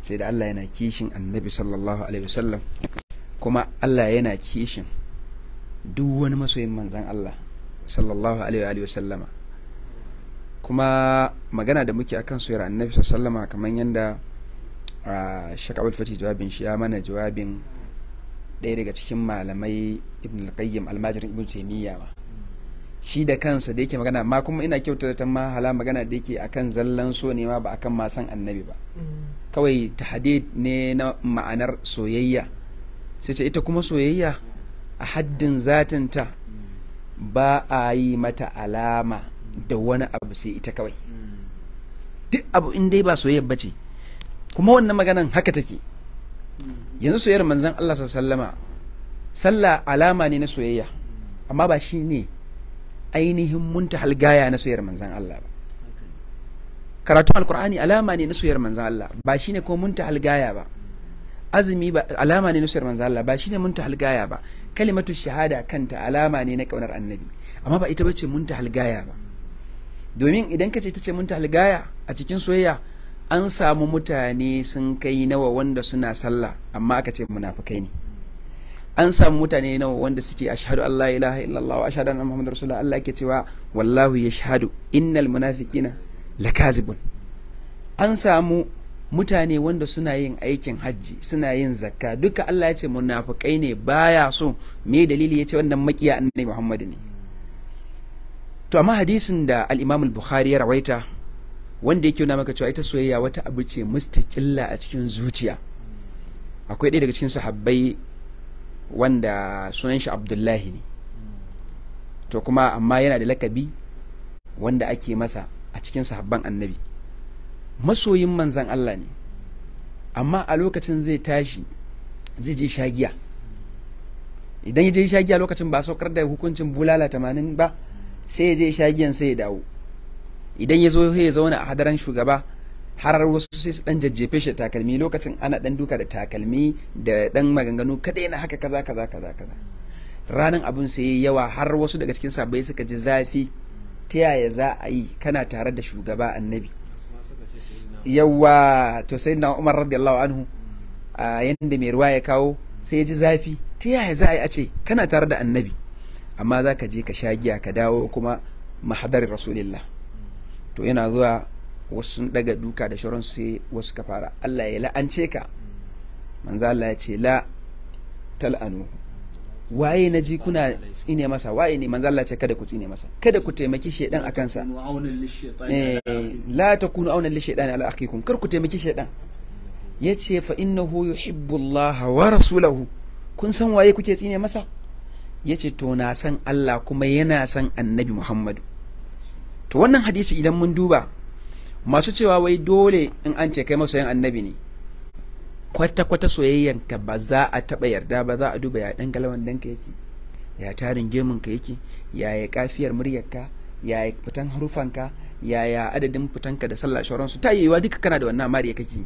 sai da Allah yana kishin annabi sallallahu alaihi wasallam kuma Allah yana kishin duk wani masoyin manzan Allah sallallahu alaihi wasallama kuma magana da muke akan soyar annabi sallallahu alaihi wasallama kamar yadda ah, shakabul fati jawabin shi ya mana jawabin ɗaya daga cikin malamai ibn al-qayyim almajirin ibn taymiya ba shi da kansa da yake magana ma kuma ina kyautata ta ma hala magana da yake akan zallan so ne ma ba akan ma san annabi ba mm. kawai ta tahdid ne na ma'anar soyayya sai ce ita kuma soyayya a haddin zatinta ba a yi mata alama da wani abu sai ita kawai mm. duk abu in dai ba soyayya bace kuma wannan maganan haka take mm. yanzu soyayyar manzon Allah sallama sallah alama ne na soyayya amma ba shi ne ainihin munta halgaya na soyayyar manzon Allah ba karatun alkur'ani alama ne na soyayyar manzon Allah ba shi ne kuma munta halgaya ba azumi ba alama ne na soyayyar manzon Allah ba shi ne munta halgaya ba kalimatu shahada kanta alama ne na kaunar annabi amma ba ita bace munta halgaya ba domin idan ka ce ita ce munta halgaya a cikin soyayya an samu mutane sun kai nawa wanda suna sallah amma aka ce munafukai ne an samu mutane nawa wanda suke ashhadu Allah la ilaha illallah wa ashhadu anna muhammadar rasulullah Allah yake cewa wallahu yashhadu innal munafiqina lakazibun an samu mutane wanda suna yin aikin hajji suna yin zakka duka Allah ya ce munafukai ne baya so me dalili ya ce wannan makiya annabi Muhammad ne to amma hadisin da al-Imam al-Bukhari ya rawaita wanda yake nuna maka cewa ita soyayya wata abu ce mustaƙilla a cikin zuciya akwai ɗaya daga cikin sahabbai wanda sunan shi abdullahi ne to kuma amma yana da lakabi wanda ake masa a cikin sahabban annabi masoyin manzan Allah ne amma a lokacin zai tashi zai je shagiya idan ya je shagiya lokacin ba saukar da hukuncin bulala tamanin ba sai ya je shagiyan sai ya dawo idan ya zo ya zauna a hadaran shugaba har wasu sai su dan jajjefe shi takalmi lokacin ana dan duka da takalmi da dan maganganu kadai na haka kaza kaza kaza kaza ranan abun sai yayi yawa har wasu daga cikin sabai suka ji zafi ta yaya za a yi kana tare da shugaba annabi yawa to sai na umar radiyallahu anhu a yanda mai ruwa ya kawo sai ya ji zafi ta yaya za a yi a ce kana tare da annabi amma za ka je ka sha giya ka dawo kuma mahadar rasulillah to yana zuwa wasu sun daga duka da shirin sai wasu ka fara Allah ya la'ance ka manzo Allah ya ce la tal'anu waye na ji kuna tsine masa waye ne manzo Allah ya ce kada ku tsine masa kada ku taimaki shedan akan sa eh la takunu auna lishaytan ala akhikum kar ku taimaki shedan yace fa innahu yuhibbu Allah wa rasulahu kun san waye kuke tsine masa yace to na san Allah kuma yana san Annabi Muhammadu to wannan hadisi idan mun duba masu cewa wai dole in an ce kai masoyan annabi ne kwata-kwata soyayyanka ba za a taɓa yarda ba za a duba ya ɗan galawan danka yake ya tarin gemun ka yake yi kafiyar muryarka ya yi fitan harufanka yaya adadin fitanka da sallah shauransu ta yiwuwa duka kana da wannan mariya kake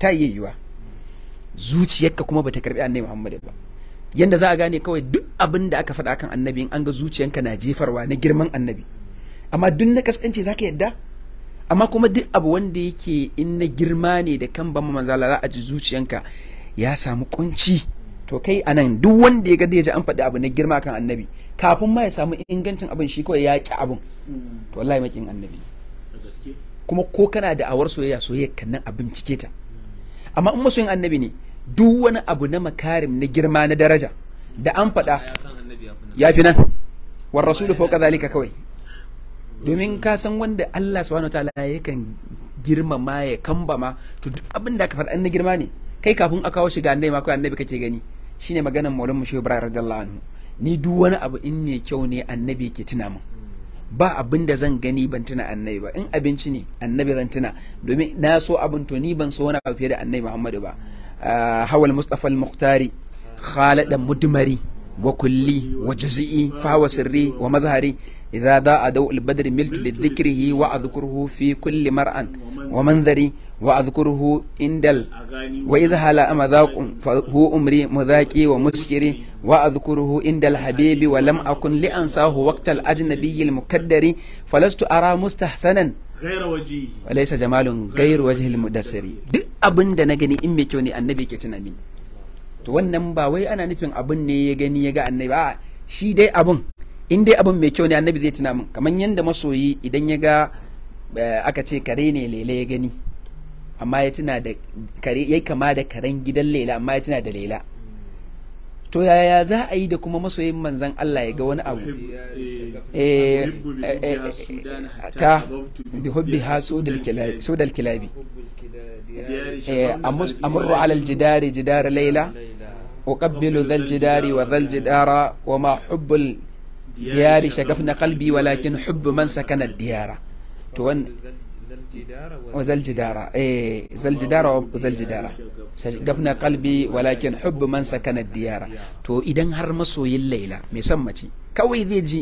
ta yi yiwuwa zuciyarka kuma bata karbi annabi Muhammad ba yanda za a gane kawai duk abin da aka faɗa kan annabi in an ga zuciyarka na jefarwa na girman annabi amma duk na za ka yadda amma kuma duk abu wanda yake in na girma ne da kan ban manzala za a ji zuciyanka ya samu kunci to kai anan duk wanda ya ga da ya ji an faɗi abu na girma kan annabi kafin ma ya samu ingancin abin shi kawai ya ki abin to wallahi makin annabi kuma ko kana da awar soyayya soyayya kan nan abin cike ta amma in masoyin annabi ne duk wani abu na makarim na girma na daraja da an faɗa ya fi nan war rasulu fauka zalika kawai domin ka san wanda Allah subhanahu wataala yakan girmama ya kambama to duk abin da ka faɗa na girma ne kai kafin a kawo shiga annabi ma kai annabi kake gani shine maganar maulan mu shehu ibrahim anhu ni duk wani abu in mai kyau ne annabi ke tuna min ba abin da zan gani ban tuna annabi ba in abinci ne annabi zan tuna domin na so abin to ni ban so wani abu fiye da annabi muhammadu ba ah, hawal mustafa al-muqtari khalid mudmari wa kulli wa juz'i fa wa sirri wa mazhari إذا داء دوء البدر ملت لذكره وأذكره في كل مرأة ومنذري وأذكره إندل وإذا هلا أما مذاق فهو أمري مذاكي ومسكري وأذكره عند الحبيب ولم أكن لأنساه وقت الأجنبي المكدري فلست أرى مستحسنا غير وجهه وليس جمال غير وجه المدسر duk abin da na gani in mai kyau ne annabi ke tuna min to wannan ba يغني ana nufin abin ne ya gani ya ga annabi a shi dai abin in dai abin mai kyau ne annabi zai tuna min kamar yadda masoyi idan ya ga eh, aka ce kare ne lele ya gani amma ya tuna da kare yayi kama da karen gidan lela amma ya tuna da lela to yaya za a yi da kuma masoyin manzan Allah ya ga wani abu eh, eh, ta bi hubbi ha dal kilabi amurru alal jidari jidar laila uqabbilu dal jidari wa dal jidara wa ma hubbul diyari shagafna qalbi walakin hubbu man sakana diyara to wan wazaljidara eh zaljidara wa zaljidara shagafna qalbi walakin hubbu man sakana diyara to idan har masoyin laila mai son mace kawai zai ji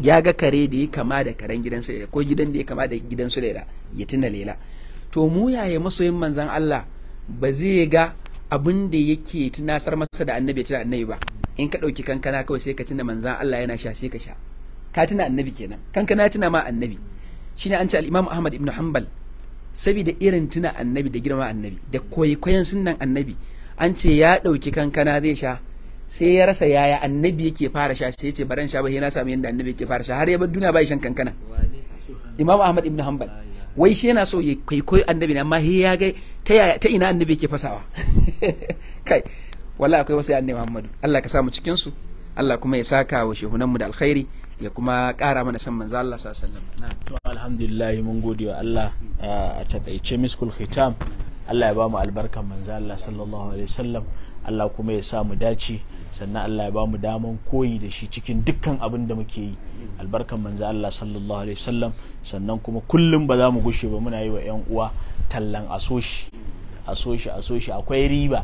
ya ga kare da ya kama da karen gidan su ko gidan da ya kama da su laila ya tuna laila to mu yaya masoyin manzan Allah ba zai ga abin da yake tunasar masa da annabi ya tuna annabi ba in ka ɗauki kankana kawai sai ka tuna manzan Allah yana sha sai ka sha ka tuna annabi kenan kankana tuna ma annabi shine an ce al-Imam Ahmad ibn Hanbal saboda irin tuna annabi da girma annabi da koyi sunan sunnan annabi an ce ya ɗauki kankana zai sha sai ya rasa yaya annabi yake fara sha sai ya ce baran sha ba yana na samu yanda annabi yake fara sha har ya bar duniya bai shan kankana Imam Ahmad ibn Hanbal wai shi yana so ya koyi annabi amma sai ya ga ta ina annabi yake fasawa kai Wala akwai wasu annabi Muhammadu Allah ka samu cikin su Allah kuma ya saka wa shehunanmu da alkhairi ya kuma kara mana san manzo Allah sallallahu alaihi wasallam to alhamdulillah mun gode wa Allah a takaice miskul khitam Allah ya ba mu albarkan manzo Allah sallallahu alaihi wasallam Allah kuma ya sa mu dace sannan Allah ya ba mu daman koyi da shi cikin dukkan abin da muke yi albarkan manzo Allah sallallahu alaihi wasallam sannan kuma kullum ba za mu gushe ba muna yi wa yan uwa tallan asoshi asoshi asoshi akwai riba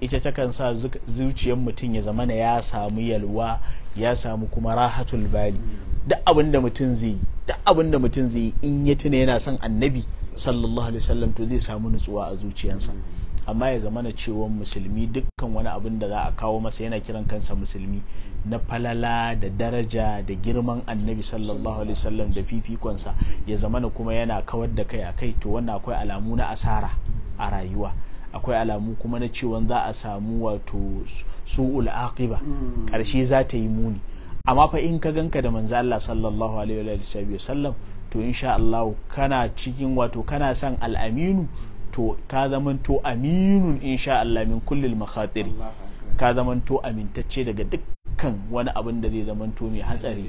ita takan sa zuciyar mutum ya zamana ya samu yalwa ya samu kuma rahatul bali duk abin da mutum zai yi duk abin da mutum zai yi in ya tuna yana son annabi sallallahu alaihi wasallam to zai samu nutsuwa a zuciyarsa amma ya zamana cewa musulmi dukkan wani abin da za a kawo masa yana kiran kansa musulmi na falala da daraja da girman annabi sallallahu alaihi wasallam da fifikonsa ya zamana kuma yana kawar da kai a kai to wannan akwai alamu na asara a rayuwa akwai alamu kuma na cewa za a samu wato su'ul aqiba karshe za ta yi muni amma fa in ka ganka da manzo Allah sallallahu alaihi wa sallam to insha Allah kana cikin wato kana san aminu to ka zamanto aminun insha Allah min kullil makhatir ka zamanto amintacce daga dukkan wani abin da zai zamanto mai hatsari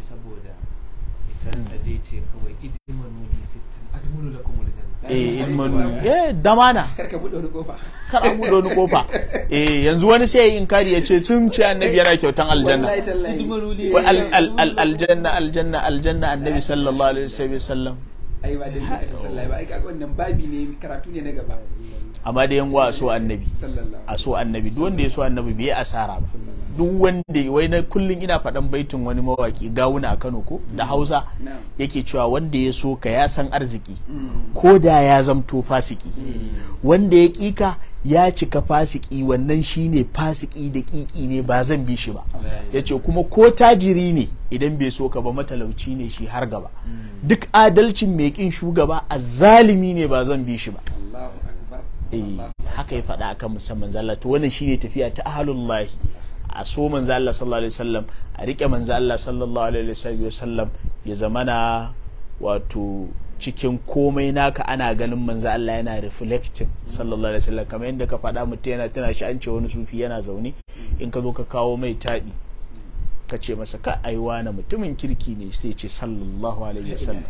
Eh, eh damana karka bude wani kofa kar a bude wani kofa eh yanzu wani sai in kari ya ce sun ce annabi yana kyautan aljanna aljanna aljanna aljanna annabi sallallahu alaihi wasallam ai ba da sallallahu alaihi wasallam ai kaga wannan babi ne karatu ne na gaba amma da yan a so annabi a so annabi duk wanda ya so annabi bai asara ba duk wanda wai na kullun ina faɗan baitin wani mawaki gawuna a Kano ko da Hausa yake cewa wanda ya so ka ya san arziki ko da ya zamto fasiki wanda ya kika ya cika fasiki wannan shine fasiki da kiki ne ba zan bi shi ba yace kuma ko tajiri ne idan bai so ka ba matalauci ne shi har gaba duk adalcin mai kin shugaba a zalimi ne ba zan bi shi ba Eh, haka ya faɗa akan musamman zalla to wannan shine tafiya ta ahlullahi a so manzo Allah sallallahu alaihi wasallam a rike manzo Allah sallallahu alaihi wasallam ya zamana wato cikin komai naka ana ganin manzo Allah yana reflecting sallallahu alaihi wasallam kamar yadda ka faɗa mutum yana tana shi an ce wani sufi yana zaune in ka zo ka kawo mai taɗi ka ce masa ka aiwa na mutumin kirki ne sai ce sallallahu alaihi wasallam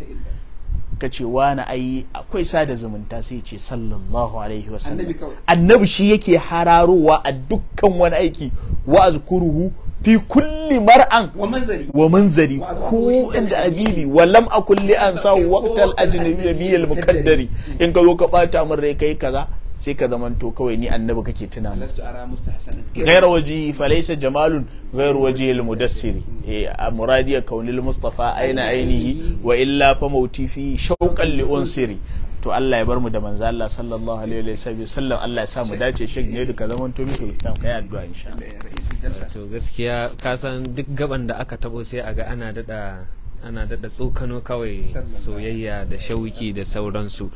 ka ce wani ai akwai sada zumunta sai ce sallallahu alaihi wasallam annabi shi yake hararowa a dukkan wani aiki wa azkuruhu fi kulli mar'an wa manzari ko inda abibi wa lam akul li an sa waqtal ajnabi al mukaddari in ka zo ka bata min rai kai kaza sai ka to kawai ni annabi kake tuna gair waje falaisa jamalun gair waje mudassiri eh, a muradiya kaunil mustafa aina ainihi wa illa fa mauti fi shauqan li unsiri to Allah ya bar mu da manzo Allah sallallahu alaihi wa sallam Allah ya sa mu dace shek ne duka zaman to muku kitab kai addu'a insha Allah to gaskiya ka san duk gaban da aka tabo sai aga ana dada ana dada tsokano kawai soyayya da shauki da sauransu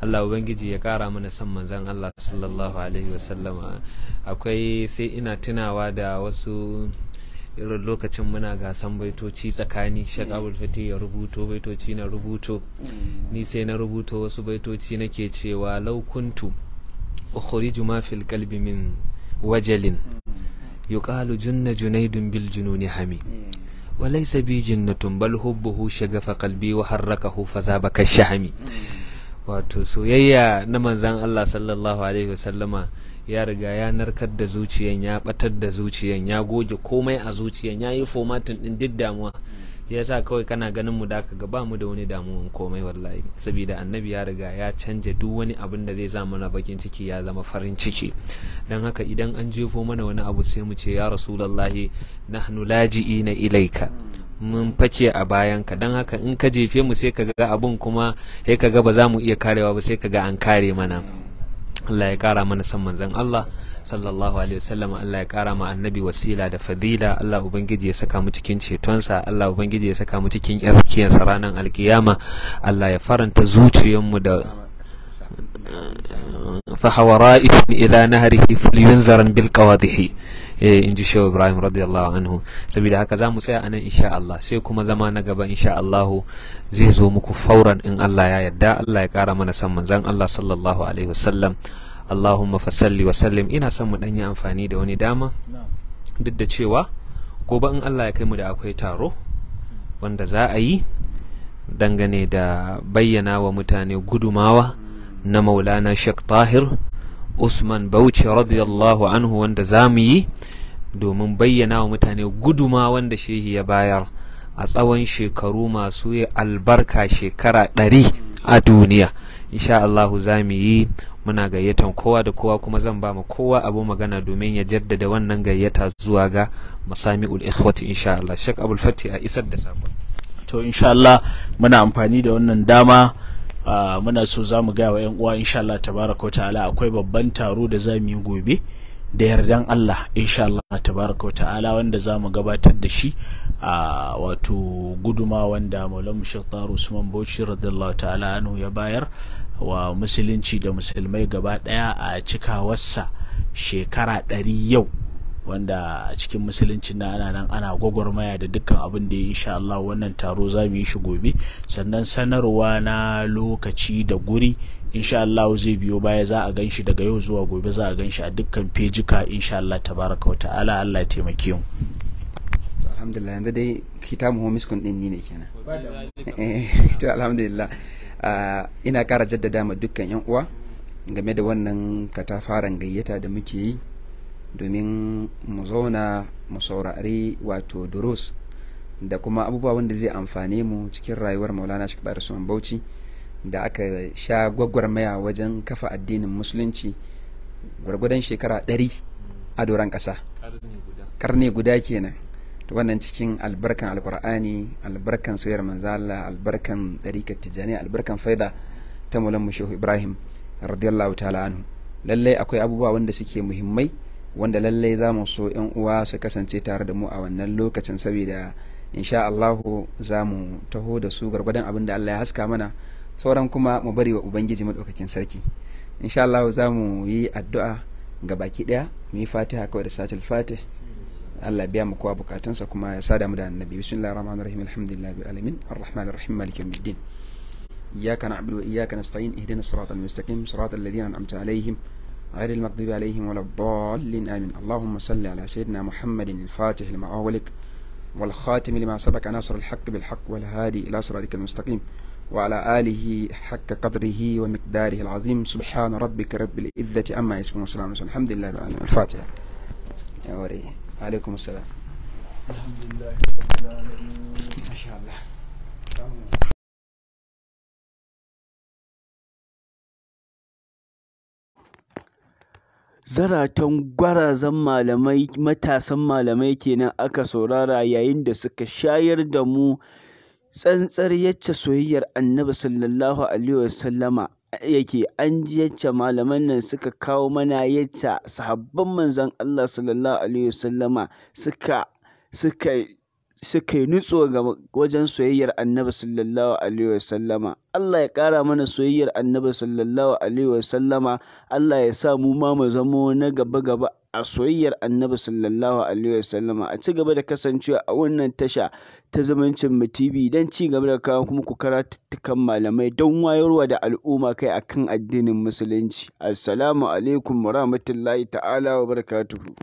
Allah ubangiji ya kara mana son manzan Allah sallallahu alaihi wasallama akwai sai ina tunawa da wasu irin lokacin muna gasan baitoci tsakani shek abulfati ya rubuto baitoci na rubuto ni sai na rubuto wasu baitoci nake cewa laukuntu ukhriju ma fil kalbi min wajalin yuqalu junna junaidun bil jununi hami وليس بي جنة بل حبه شغف قلبي وحركه فذابك الشهم wato soyayya na manzan Allah sallallahu alaihi wasallama ya riga ya narkar da zuciyan ya batar da zuciyan ya goge komai a zuciyan ya yi fomatin din duk damuwa ya sa kawai kana ganin mu da ga ba mu da wani damuwan komai wallahi saboda annabi ya riga ya canja duk wani abin da zai sa mana bakin ciki ya zama farin ciki don haka idan an jefo mana wani abu sai mu ce ya rasulallahi nahnu na ilaika mun face a bayan ka don haka in ka jefe mu sai ka ga abun kuma sai ka ga ba za mu iya karewa ba sai ka ga an kare mana Allah ya kara mana san manzon Allah sallallahu alaihi wasallam Allah ya kara ma annabi wasila da fadila Allah ubangiji ya saka mu cikin cetonsa Allah ubangiji ya saka mu cikin yarkiyarsa ranar alkiyama Allah ya faranta mu da فحوراء إلى نهره bil qawadihi Eh, in ji shehu ibrahim radiyallahu anhu saboda haka za mu tsaya anan insha Allah sai kuma zama na gaba insha Allah zai zo muku fauran in Allah ya yadda Allah ya kara mana san manzon Allah sallallahu alaihi wasallam Allahumma salli wa sallim ina son mu dan yi amfani da wani dama duk da cewa gobe in Allah ya kai mu da akwai taro wanda za a yi dangane da bayyana wa mutane gudumawa na maulana Sheikh Tahir usman bauchi radiyallahu anhu wanda za mu yi domin bayyana wa mutane guduma wanda shehi ya bayar a tsawon shekaru masu albarka shekara ɗari a duniya insha Allahu za mu yi muna gayyatan kowa da kowa kuma zan ba mu kowa abu magana domin ya jaddada wannan gayyata zuwa ga masami'ul ikhwati insha Allah Sheikh abul Fati a isar da sako to insha Allah muna amfani da wannan dama Ah, muna so za mu gaya wa 'yan uwa insha Allah tabaraka wa ta'ala akwai babban taro da za mu yi gobe da yardan Allah insha Allah tabaraka wa ta'ala wanda za mu gabatar da shi a ah, wato guduma wanda Maulana Sheikh Taru Usman Bauchi radiyallahu ta'ala anhu ya bayar wa musulunci da musulmai gaba daya a cikawarsa shekara ɗari yau wanda a cikin musulunci na ana nan ana gwagwarmaya da dukkan abin da ya insha Allah wannan taro za mu yi shi gobe sannan sanarwa na lokaci da guri insha Allah zai biyo baya za a ganshi daga yau zuwa gobe za a ganshi a dukkan fejika insha Allah tabaraka wa ta'ala Allah ya taimake mu alhamdulillah yanzu dai kitabu homis kun din ne kenan eh, ah, ina kara jaddada ma dukkan yan uwa game da wannan katafaren gayyata da muke yi domin mu zauna mu saurari wato duros da kuma abubuwa wanda zai amfane mu cikin rayuwar maulana shi bari bauchi da aka sha gwagwarmaya wajen kafa addinin musulunci gwargwadon shekara ɗari a doron ƙasa karne guda kenan wannan cikin albarkan alkur'ani albarkan soyar manzala albarkan ɗarikar tijjani albarkan faida ta mulan shehu ibrahim radiyallahu ta'ala anhu lallai akwai abubuwa wanda suke muhimmai wanda lallai za mu so yan uwa su kasance tare da mu a wannan lokacin saboda insha Allah za mu taho da su gargwadon abin da Allah ya haska mana sauran kuma mu bari wa ubangiji madaukakin sarki insha Allah za mu yi addu'a ga baki daya mu yi fatiha kawai da satil fatih Allah biya mu kowa bukatunsa kuma ya sada mu da annabi bismillahir rahmanir rahim alhamdulillahi bil alamin arrahmanir rahim maliki yawmiddin iyyaka na'budu wa iyyaka nasta'in ihdinas siratal mustaqim siratal ladzina an'amta alaihim غير المغضوب عليهم ولا الضالين آمين اللهم صل على سيدنا محمد الفاتح لما أولك والخاتم لما سبق ناصر الحق بالحق والهادي إلى صراطك المستقيم وعلى آله حق قدره ومقداره العظيم سبحان ربك رب العزة أما يصفون والسلام الحمد لله العالمين الفاتحة يا وري عليكم السلام الحمد لله رب العالمين ما شاء الله Zaraton gwarazan malamai matasan malamai kenan aka saurara yayin da suka shayar da mu tsantsar yacce soyayyar Annabi Sallallahu Alaihi Wasallama yake, an ji yacce malaman nan suka kawo mana yacce sahabban Manzon Allah Sallallahu Alaihi Wasallama suka suka suka yi nutso ga wajen soyayyar Annabi sallallahu alaihi wasallama Allah ya kara mana soyayyar Annabi sallallahu alaihi wasallama Allah ya sa mu ma mu zama na gaba gaba a soyayyar Annabi sallallahu alaihi wasallama a ci gaba da kasancewa a wannan tasha ta zumuncin mu TV don ci gaba da kawo kuma ku karatukan malamai don wayarwa da al'umma kai akan addinin musulunci assalamu alaikum warahmatullahi ta'ala wa barakatuhu